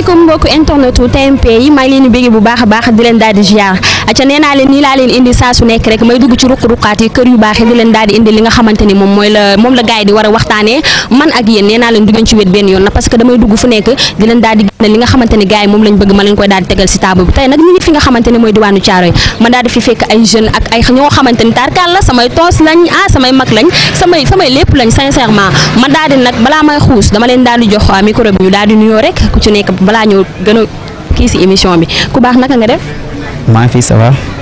asalaamaaleykum mbokku damay dugg fu nekk di leen daal di li nga xamante ni moom lañ bëgg ma leen koy daal tegal si table tey nag ñu nga xamante mooy diwaanu Caaroy man daal di fi fekk ay jeune ak ñoo xamante ni la samay toos lañ ah samay mag lañ samay lépp lañ sincèrement ma daal nag balaa may xuus dama leen daal jox micro bi ñu nuyoo rek ku ci nekk balaa ñu gën a kii si émission bi ku baax naka nga def. fi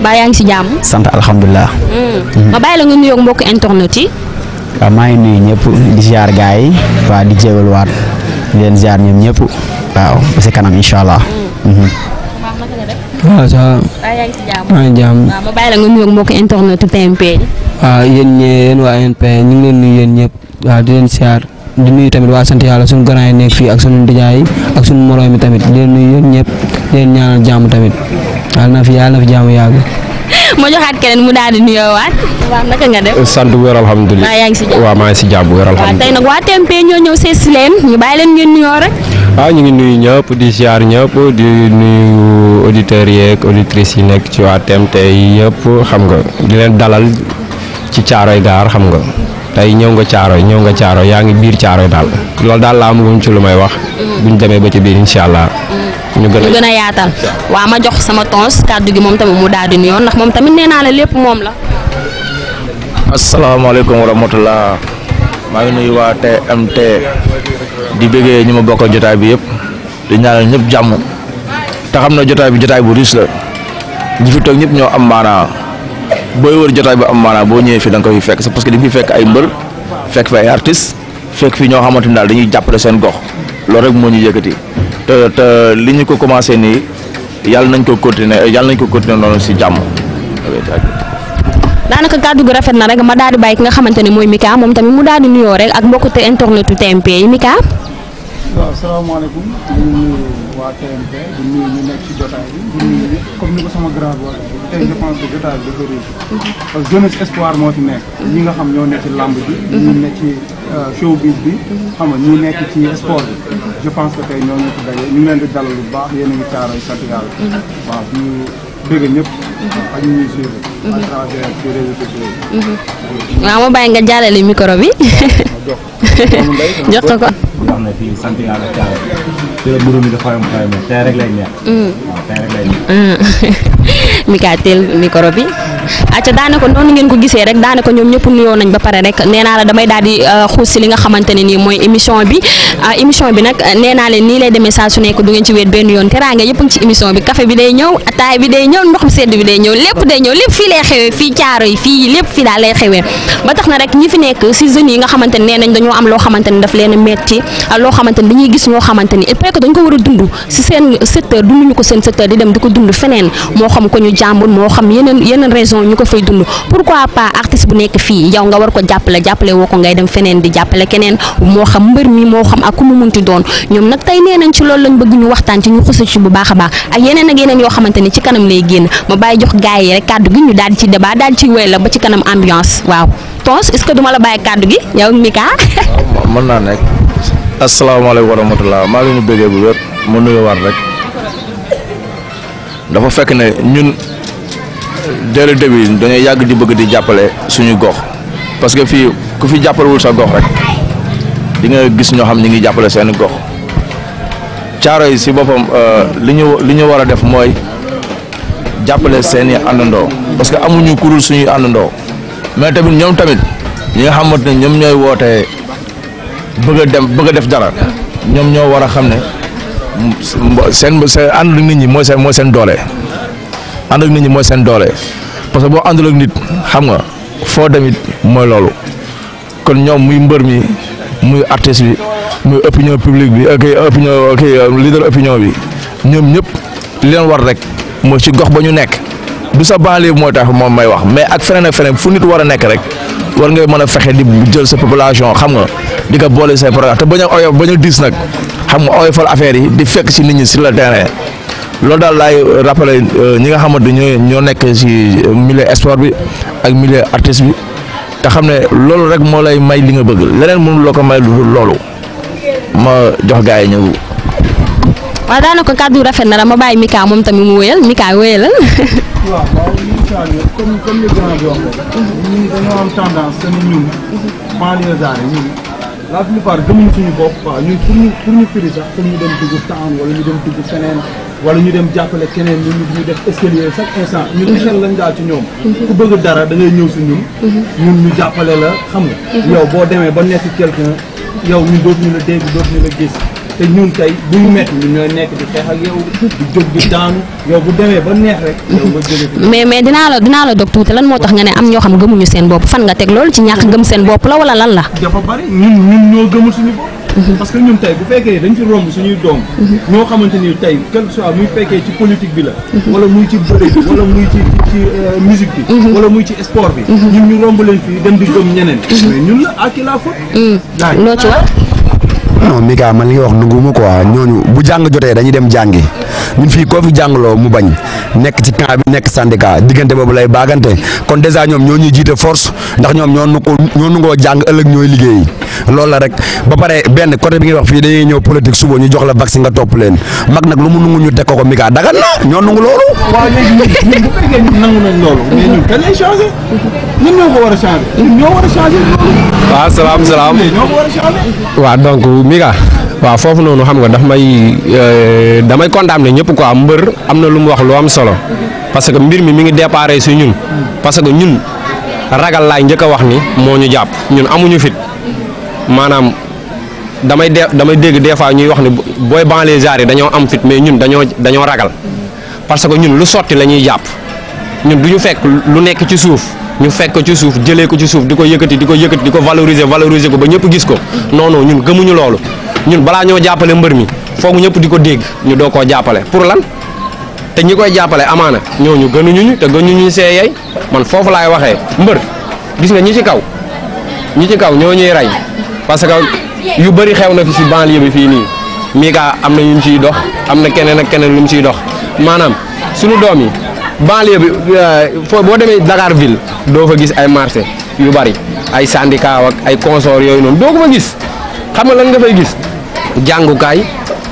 ba si jàmm. sant hmm. Hmm. ma bàyyi la nga nuyoog mbokk internet yi. waaw ngi nuyu ñëpp di ziar gars yi di jégalu waat di ziar waaw ba si kanam incha allah. Hmm. ma bàyyi la nga nuyoog mbokk internet TMP. waaw yéen ñee yéen NP ñu ngi leen nuyu di leen ziar di nuyu tamit wa sant yalla sun grand nek fi ak sun ndijaay ak sun moroy mi tamit di nuyu yéen ñep di leen ñaanal jàmm tamit yàlla na fi yalla fi jàmm yaag mo joxat keneen mu daal di waat wa naka nga def sant wér alhamdullilah wa ngi ngi si jàmm wér alhamdulilah tey nag waa TMP ñoo ñëw leen ñu bay leen ngeen nuyu rek ah ñu ngi nuyu ñep di ziar ñep di nuyu auditeurs yeeg auditrice yi nek ci wa tempe yi xam nga di leen dalal ci caaroy gaar xam nga tay ñew nga ciaro ñew nga ciaro yaangi bir ciaro dal lool dal la am ci lu may wax buñ démé ba ci bir inshallah ñu gëna gëna yaatal wa ma jox sama tons kaddu gi mom tam mu daal di nuyon ndax mom tamit neena la lepp mom la assalamu alaykum wa rahmatullah ma ngi nuyu wa mt di bëggé ñuma bokk jotaay bi yépp di ñaanal ñëpp jamm ta xamna jotaay bi jotaay bu la ñi fi tok ñëpp ño am maana boy wër jotay ba am maanaam bo ñëwee fi dang ko fi fekk parce que dañ fi fekk ay mbeur fekk fay artiste fekk fi ño xamante dal dañuy jàppale sen gox lool rek mo ñu yëkëti te te li ko commencé ni yàlla nañ ko continuer yàlla nañ ko continuer noonu si jàmm. danaka kaddu gu rafet na rek ma daal di bàyyi ki nga xamanteni moy Mika mom tamit mu daal di nuyoo rek ak mbokku mbokkute internetu TMP yi Mika. assalamu alaykum di nuyu TMP di nuyu ñu nek ci jotay bi di nuyu comme ni ko sama grand bi waxee tey espoir moo fi nekk ñi nga xam ñoo nekk ci làmb bi ñi nekk ci euh, showbiz bi xam nga ñi nekk ci sport bi je pense que ñoo ñu ko dajee ñu ngi leen di dalal bu baax yéen a ngi caaray sant yàlla waaw ñu bëgg ñëpp ak ñuy yi waaw ma bàyyi nga jàllale micro bi jox ko wax ne fii sant yàlla caal te mburu mi di xoyom xoyom tey rek lay neex. Mm. waaw tey rek lay neex. Mm. mi kaa teel micro bi. acca daanaka noonu ngeen ko gisee rek daanaka ñoom ñëpp nuyoo nañ ba pare rek nee la damay daal euh, xuus si li nga xamante nii mooy émission bi euh, émission bi nag nee leen nii lay demee saa su nekk du ngeen ci wéet benn yoon teraanga yëpp ngi ci émission bi café bi day ñëw ataay bi day ñëw ndox mu sedd bi day ñëw lépp day ñëw lépp fii lay xewee fii caaro yi fii lépp fii daal lay xewee ba tax na rek ñi fi nekk si jeunes yi nga xamante ne façon ñu ko fay dund pourquoi pas artiste bu nekk fii yow nga war ko jàppale jàppale woo ko ngay dem feneen di jàppale keneen moo xam mbër mi moo xam ak ku mu munti doon ñoom nag tey nee nañ ci loolu lañ bëgg ñu waxtaan ci ñu xusu ci bu baax a baax ak yeneen ak yeneen yoo xamante ne ci kanam lay génn ma bàyyi jox gars yi kàddu gi ñu daal ci débat daal ci wéy la ba ci kanam ambiance waaw tons est duma la bàyyi kàddu gi yow Mika. mën naa nekk asalaamaaleykum wa rahmatulah maa ngi leen di bëggee bu wér mu nuyuwaat rek dafa dès le début dañuy yàgg di bëgg di jàppale suñu gox parce que fii ku fi jàppalewul sa gox rek di nga gis ñoo xam ñi ngi jàppale seeni gox caaro yi si boppam euh, li ñu li ñu war a def mooy jàppale seen i àndandoo parce que amuñu kurul suñuy àndandoo mais tamit ñoom tamit ñi nga xamante ne ñoom ñooy wootee bëgg dem bëgg a def dara ñoom ñoo war a xam ne seen seen ànd nit ñi mooy seen mooy seen doole. ànd ak nit ñi mooy seen doole parce que boo àndul ak nit xam nga foo demit mooy loolu kon ñoom muy mbër mi muy artiste bi muy opinion publique bi ak opinion ak leader opinion bi ñoom ñëpp li leen war rek mooy ci gox ba ñu nekk du sa banlieue mooy tax moom may wax mais ak feneen ak feneen fu nit war a nekk rek war ngay mën a fexe di jël sa population xam nga di ko boole say programme te bañ a oyof bañ diis nag xam nga oyofal affaire yi di fekk si nit ñi sur le terrain. loolu daal lay rappelé euh, ñi nga xamante ñoo ñoo nekk ci milieu sport bi ak milieu artiste bi te xam ne loolu rek moo lay may li nga bëgg leneen mënu ko may lu loolu ma jox gars yi ñëw. waaw daanaka kàddu rafet na la ma bàyyi Mika moom tamit mu wéyal Mika wéyalal. waaw la plupart gëmuñ suñu bopp waaw ñun pour ñu pour ñu firi sax pour ñu dem dugg town wala ñu dem duggu seneen wala ñu dem jàppale keneen ñu ñu def escalier chaque instant ñun échelle lañ daal ci ñoom ku bëgg dara da ñëw si ñun ñun ñu jàppale la xam nga mhm. yow boo demee ba nekk quelqu'un yow ñun ñu la dégg dootuñu la gis te ñun tey bu ñu métti ñun ñooy nekk di xeex ak yow di jóg di daanu yow bu demee ba neex rek. mais mais dinaa la dinaa la dog tuuti lan moo tax nga ne am ñoo xam gëmuñu seen bopp fan nga teg loolu ci ñàkk gëm seen bopp la wala lan la. dafa bari ñun ñun ñoo gëmul suñu bopp. Mhm. parce que ñun tey bu fekkee dañ ci romb suñuy doom. Mhm. ñoo xamante ni tey quelque soit muy fekkee ci bi la. Mhm. wala muy ci bëri bi wala muy ci ci euh, musique bi. wala muy ci sport bi. ñun ñu romb leen fii dem di gëm ñeneen. ñun la à qui mm. loo ci wax. non Mika man li nga wax nunguma quoi ñooñu bu jàng jotee dañuy dem jàngi ñun fii koo fi jàngloo mu bañ nekk ci camp nekk syndicat diggante boobu lay baagante kon dèjà ñoom ñoo ñuy jiite force ndax ñoom ñoo nu ñoo nungoo jàng ëllëg ñooy liggéey lool la rek ba paré ben côté bi ngi wax fi dañuy ñëw politique suba ñu jox la vaccin nga top leen mag nak lu mu nungu ñu teg ko ko mika dagal na ñoo nungu loolu. wa ñu ñu nangu nañ loolu. mais ñun dañ lay changer. ñu ñoo ko war changer. ñoo wara changer loolu. waaw salam salaam. ñoo ko war changer. wa donc mika. wa fofu nonu xam nga daf may euh, damay condamner ñëpp quoi mbeur amna lu mu wax lu am solo parce que mbir mi mi ngi déparer ci ñun parce que ñun ragal lay ñëk wax ni moñu japp ñun amuñu fit maanaam damay de damay dégg des fois ñuy wax ni booy banlieusards yi dañoo am fit mais ñun dañoo dañoo ragal parce que ñun lu sotti la ñuy jàpp ñun du ñu fekk lu nekk ci suuf ñu fekk ci suuf jëlee ko ci suuf di ko yëkkati di ko yëkkati di ko valoriser valoriser ko ba ñëpp gis ko noonoo ñun gëmuñu loolu ñun balaa ñoo jàppale mbër mi foogu ñëpp di ko dégg ñu doo koo jàppale pour lan te ñi koy jàppale amaana ñooñu gënuñu ñu te gënuñu see yey man foofu laay waxee mbër gis nga ñi ci kaw ñi ci kaw ñoo ñuy rey parce que yu bëri xew na fi si banlieue bi fii nii Mika am na ñu ciy dox am na keneen ak keneen lu mu ciy dox maanaam suñu doom yi banlieue bi euh, foo boo demee Dakar ville doo fa gis ay marché yu bëri ay syndicat ak ay consort yooyu noonu doo ko fa gis xam nga lan nga fay gis jàngukaay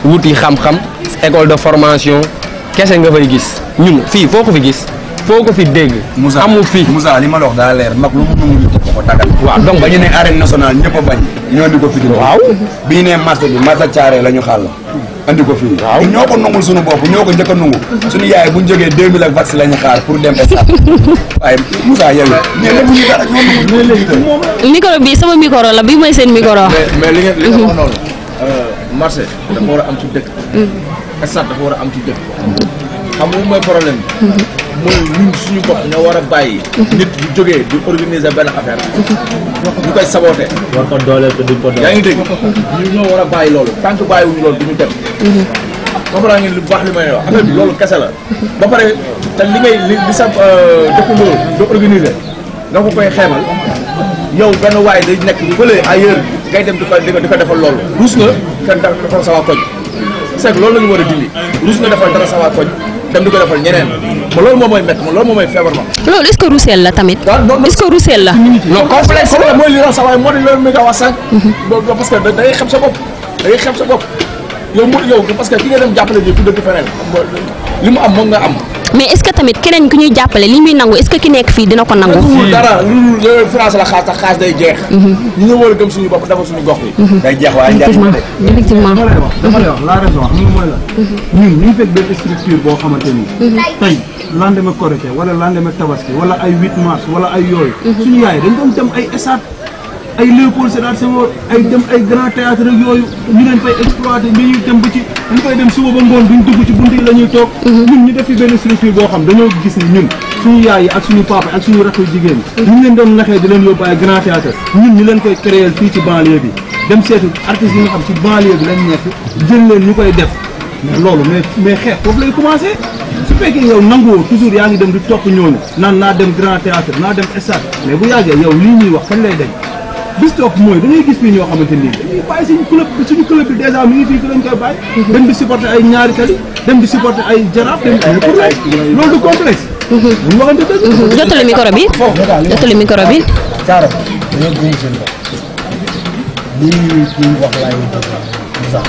wuti xam-xam école de formation kese nga fay gis ñun fii foo ko fi gis. foo ko fi dégg. amul fii Moussa li ma la wax daa leer mag lu mu nangu ñu ko dagal. waaw donc ba ñu ne arène nationale ñëpp a bañ. ñoo andi ko fii. waaw bi ñu nee bi marché caare la ñu xàll. andi ko fii. waaw ñoo ko nangul suñu bopp ñoo ko njëkk a suñu yaay bu ñu jógee 2000 ak vax la ñu xaar pour dem stade. waaye Moussa yow mais lépp ñu dara ñoo nangu. micro bi sama micro la bi mooy seen micro. mais euh, dafa war a am ci dëkk. Mm. stade dafa war a am ci dëkk. xam nga mooy problème bi. Mm-hmm. mooy ñun suñu bopp ñoo war a nit bu jógee di organiser benn affaire ñu koy saboté war ko dooleel te duñ ko dooleel yaa ngi dégg ñun ñoo war a bàyyi loolu tant que bàyyiwuñu loolu duñu dem comprendre ngeen lu baax li may wax affaire bi loolu kese la ba pare te li ngay li li sa euh, dëkkandoo do organiser nga ko koy xeebal yow benn waay day nekk fële ailleurs ngay dem di ko di ko defal loolu ruus nga kan defal sa waa koñ c'est loolu la ñu war dindi ruus nga defal dara sa waa koñ dem di ko defal ñeneen ma loolu moom mooy métti ma loolu moom mooy feebar ma. loolu est-ce que la tamit. est-ce que la. non mooy li rax moo di loolu mi nga wax sànq. loolu mhm. parce que xam sa bopp da ngay sa bopp yow mu yow parce que ki nga dem jàppale ji ku feneen li mu am moom nga am mais est ce que tamit keneen ku ñuy jàppale li muy nangu est que ki nekk fii dina ko nangu. Hmm. dara lu dul France la xaas tax xaas day jeex. Mhm. ñu nga war a gëm suñu bopp dafa suñu gox bi. Mhm. day jeex waaye njariñ la effectivement dama lay wax dama lay wax la xam nga mooy la. Mhm. ñun ñu fekk benn structure boo xamante ni. tey lendemain Korité wala lendemain Tabaski wala ay 8 mars wala ay yooyu. suñu yaay dañ doon dem ay esaat. ay Léopold Sédar Senghor ay dem ay grand théâtre ak yooyu ñu leen fay exploité ñu dem ba ci ñu koy dem suba ba ngoon duñ dugg ci bunt yi la ñuy toog mhm. ñun ñu def fi boo xam dañoo gis ni ñun suñu yaay yi ak suñu papa ak suñu jigéen ñi mhm. ñu leen doon naxee di leen yóbbu ay grand leen koy créer fii ci banlieue bi dem seetu artistes yi nga xam ci banlieue bi lañ nekk jël leen ñu koy def mais loolu mais mais xeex foofu lay commencé su fekkee yow nanguwoo toujours yaa ngi dem di topp ñooñu naan naa dem grand théâtre naa dem stade mais bu yàggee yow lii ñuy wax kañ lay dem bis topp mooy da ngay gis fii ñoo xamante nii dañuy bàyyi suñu club suñu club bi dèjà mi ngi fii ko lañ koy bàyyi dem di supporter ay ñaari tali dem di supporter ay jaraaf dem di pour loolu du complexe mhm. buñ waxante dëgg mhm. jottali micro bi jottali micro bi caaro dañoo gëm seen bopp lii ñuy wax laay dëgg sax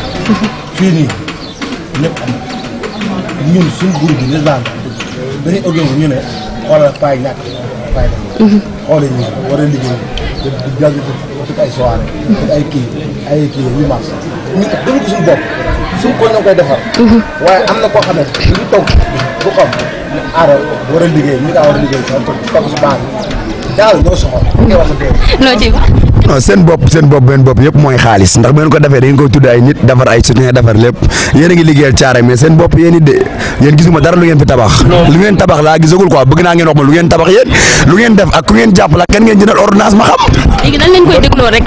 fii nii ñëpp am ñun suñu ñu ne xoolal paay ñàkk bàyyi dem mhm. a liggéey di jàng di kii ay kii ñu marché ñu dañu ko suñu bopp mhm. waaye am na koo xam ne ñu toog bu xam ne aaro war a liggéey ñu daa war a liggéey toog si baax daal ñoo soxal ngay wax sa dee loo ci wax non seen bopp seen bopp benn bopp yëpp mooy xaalis ndax bu ngeen ko defee da ngeen koy tudd ay nit defar ay soutien defar lépp yéen a ngi liggéeyal caare mais seen bopp yéen it de yéen gisuma dara lu ngeen fi tabax laa gisagul quoi bëgg naa ngeen wax ma lu ngeen tabax yéen lu ngeen def ak ku ngeen jàpp la kan ngeen jëndal ordonnance ma xam léegi nan leen koy dégloo a neex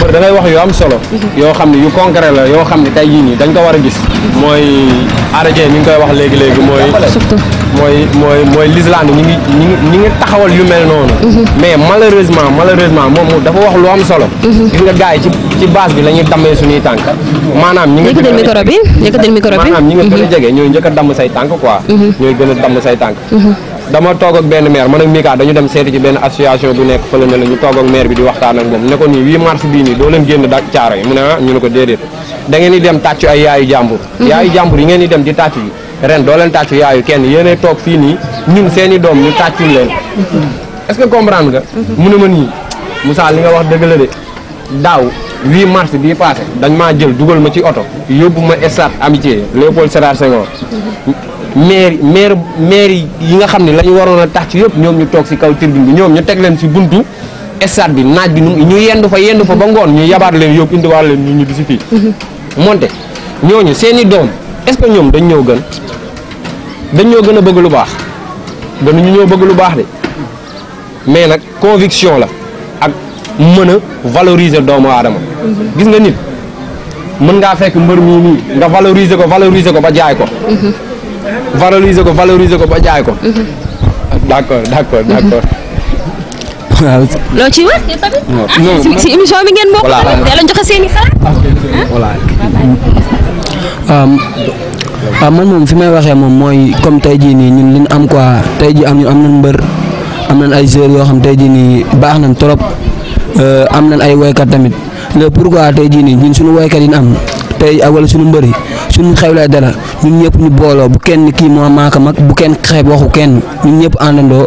a wax yu am solo mhm. yoo xam ne yu concret la yoo xam ne tey yii nii dañ ko war a gis mhm. mooy arrêté mi ngi koy wax léegi léegi mooy mooy mooy mooy l'Islande ñi ngi ñi ngi taxawal yu mel noonu. Mhm. mais malheureusement malheureusement moom dafa wax lu am solo. Mhm. gis nga gars yi ci ci base bi la ñuy suñuy tànk. maanaam ñi nga yëkkatil micro bi yëkkatil micro bi maanaam ñi nga gën a mhm. a damm say tànk quoi. ñooy gën a damm say tànk. dama toog ak benn maire man ak Mika dañu dem seeti ci benn association bu nekk fële ne la ñu toog ak maire bi di waxtaan ak moom ne ko nii 8 mars bii nii doo leen génn da caaro yi mu ne ah ñu ne ko di dem tàcc ay yaayu yi ngeen di dem di tàcc yi ren doo leen tàccu yaayu kenn yenee toog fii nii ñun seen i doom ñu tàccul leen est-ce que comprendre nga mm-hmm. mu ne ma nii Moussa li nga wax dëgg la de daaw 8 mars bii passé dañ maa jël dugal ma ci oto yóbbu ma stade amitié Léopold Sédar Senghor mm-hmm. maire maire maire yi nga xam ne lañu waroon a tàcc yëpp ñoom ñu toog ci kaw tribune bi ñoom ñu teg leen ci buntu stade bi naaj bi ñu yendu fa yendu fa ba ngoon ñu yabaat leen yóbbu indiwaat leen ñu ñu di si fii mm-hmm. monte ñooñu seen i doom est-ce que ñoom dañ no gën dañ ñoo no a bëgg lu baax ñoo bëgg lu baax mais nag conviction la ak a valoriser doomu aadama gis nga nit mën ngaa fekk mbër mii nii nga valoriser ko valoriser ko ba jaay ko valoriser ko valoriser ko ba jaay ko d'accord d'accord d'accord waaw loo ciy wax yow tamit. si waaw um, ah, man moom fi may waxee moom mooy comme tey jii nii ñun li am quoi tey jii am ñu am nañ mbër am nañ ay joueurs yoo xam tey jii nii baax nañ trop euh, am nañ ay woykat tamit pour pourquoi tey jii nii ñun suñu woykat yi ñu am tey ah, wala suñu mbër yi suñu xewlee dara ñun ñëpp ñu booloo bu kenn kii moo maaka mag bu kenn xeeb waxu kenn ñun ñëpp àndandoo.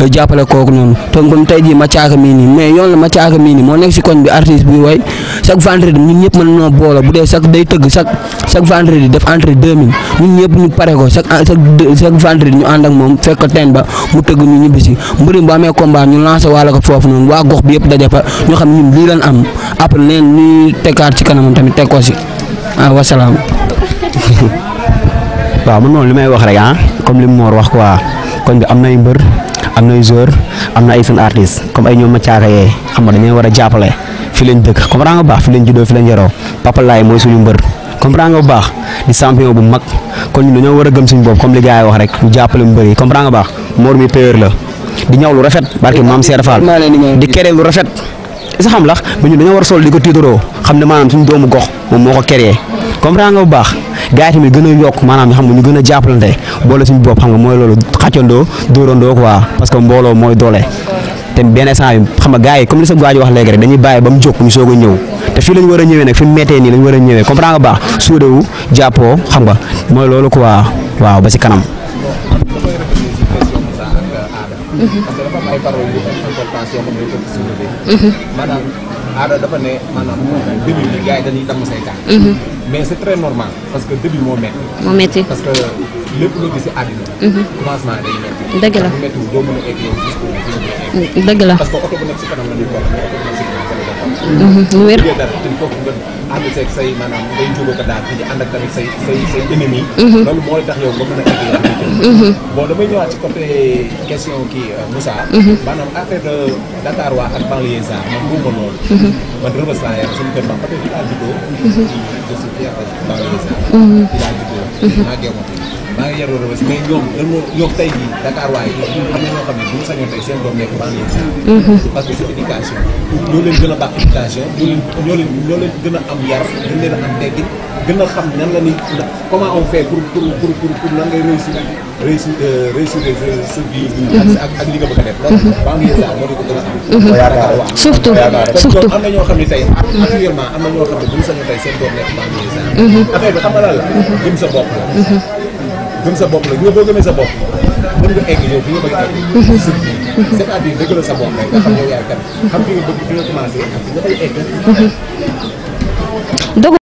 Eh, jappale koku non to ngum tay ji ma tiaka mi ni mais yoon la ma tiaka mi ni mo nek ci koñ bi artiste bi way chaque vendredi ñun ñep mëna no bolo bu dé chaque day teug chaque chaque vendredi def entre 2000 ñun ñep ñu paré ko chaque chaque vendredi ñu and ak mom fekk ten ba mu teug ñu ñibi ci mbeur bu amé combat ñu lancer wala ko fofu non wa gox bi yep dajé fa ñu xam ñun li lan am après leen ñu tékkat ci kanam tamit tékko ci ah wa salam ba man non limay wax rek ha ah, comme lim mor wax quoi koñ bi am nay mbeur am na ay joueur am na ay seen artiste comme ay ñoom ma caaka yee xam nga dañ war a jàppale fi lañ dëkk comprendre nga bu baax fi lañ juddoo fi mooy suñu mbër comprendre nga bu baax di champion bu mag kon ñun dañoo war a gëm ñu bopp comme li gars yi wax rek ñu jàppale mbër yi comprendre nga baax Mor mi payeur la di ñaw lu rafet barke eh, maam Seer Fall di kere lu rafet isa xam lax ba ñun dañoo war a sol di ko tiitaroo xam ne maanaam suñu doomu gox moo ko keree comprendre gars yi tamit gën a xam nga ñu gën a jàppalante boole suñu bopp xam nga mooy loolu xàccandoo dóorandoo quoi parce que mbooloo mooy doole te benn instant bi xam nga gaa yi comme li sa gars yi wax léegi rek dañuy bàyyi ba mu jóg ñu soog a ñëw te fii lañ war a ñëwee nag fi mu nii lañ war a ñëwee comprendre baax suudewu jàppoo xam nga mooy loolu quoi waaw ba si kanam. Mm-hmm. aada dafa ne maanaam début bi gars yi dañuy damm say tànk. Mhm. mais c' est très normal parce que début moo métti. moo métti parce que lépp loo gis si àddina. Mhm. commencement day métti. dëgg la métti doo mën a egg yow jusqu'au dëgg la lu mhm, wér foofu nga ànd seeg say maanaam ngay jógoo ko daal di ànd ak tamit say say say ennemis mhm. loolu tax yow nga mën a egg yaa mhm. bon damay ñëwaat ci côté question kii euh, Moussa maanaam affaire de euh, Dakar waa ak banlieue sa man buuma loolu man rëbës laa yar suñu kër ma peut-être laa juddoo je suis fier de banlieue sa laa juddoo maa geemoon maa ngi yaroo Rebeuss mais ñoom dañoo yokk tey jii Dakar waaye am na ñoo xam ne bu ñu sañoon tey seen doom nekk banlieue mhm. parce que c'est éducation ñoo leen gën a baax éducation ñoo leen ñoo leen ñoo leen gën a am yar gën leen a am teggin gën a xam nan la ni comment on fait pour pour pour pour nan ngay réussir réussir euh, réussir euh, sa vie mhm. ak ak li nga bëgg a def loolu mhm. banlieue sax moo di ko gën a am Dakar waaw surtout surtout am na ñoo xam ne tey actuellement am na ñoo xam ne bu ñu sañoon tey seen doom nekk banlieue sax affaire bi xam nga lan la gëm sa bopp la gëm sa bopp la ñu boo gëmee sa bopp mën nga egg yow fi nga bëgg a egg surtout c'est-à-dire dëgg la sa bopp rek nga xam yow yaay kan xam fi nga bëgg fi nga commencé nga fay egg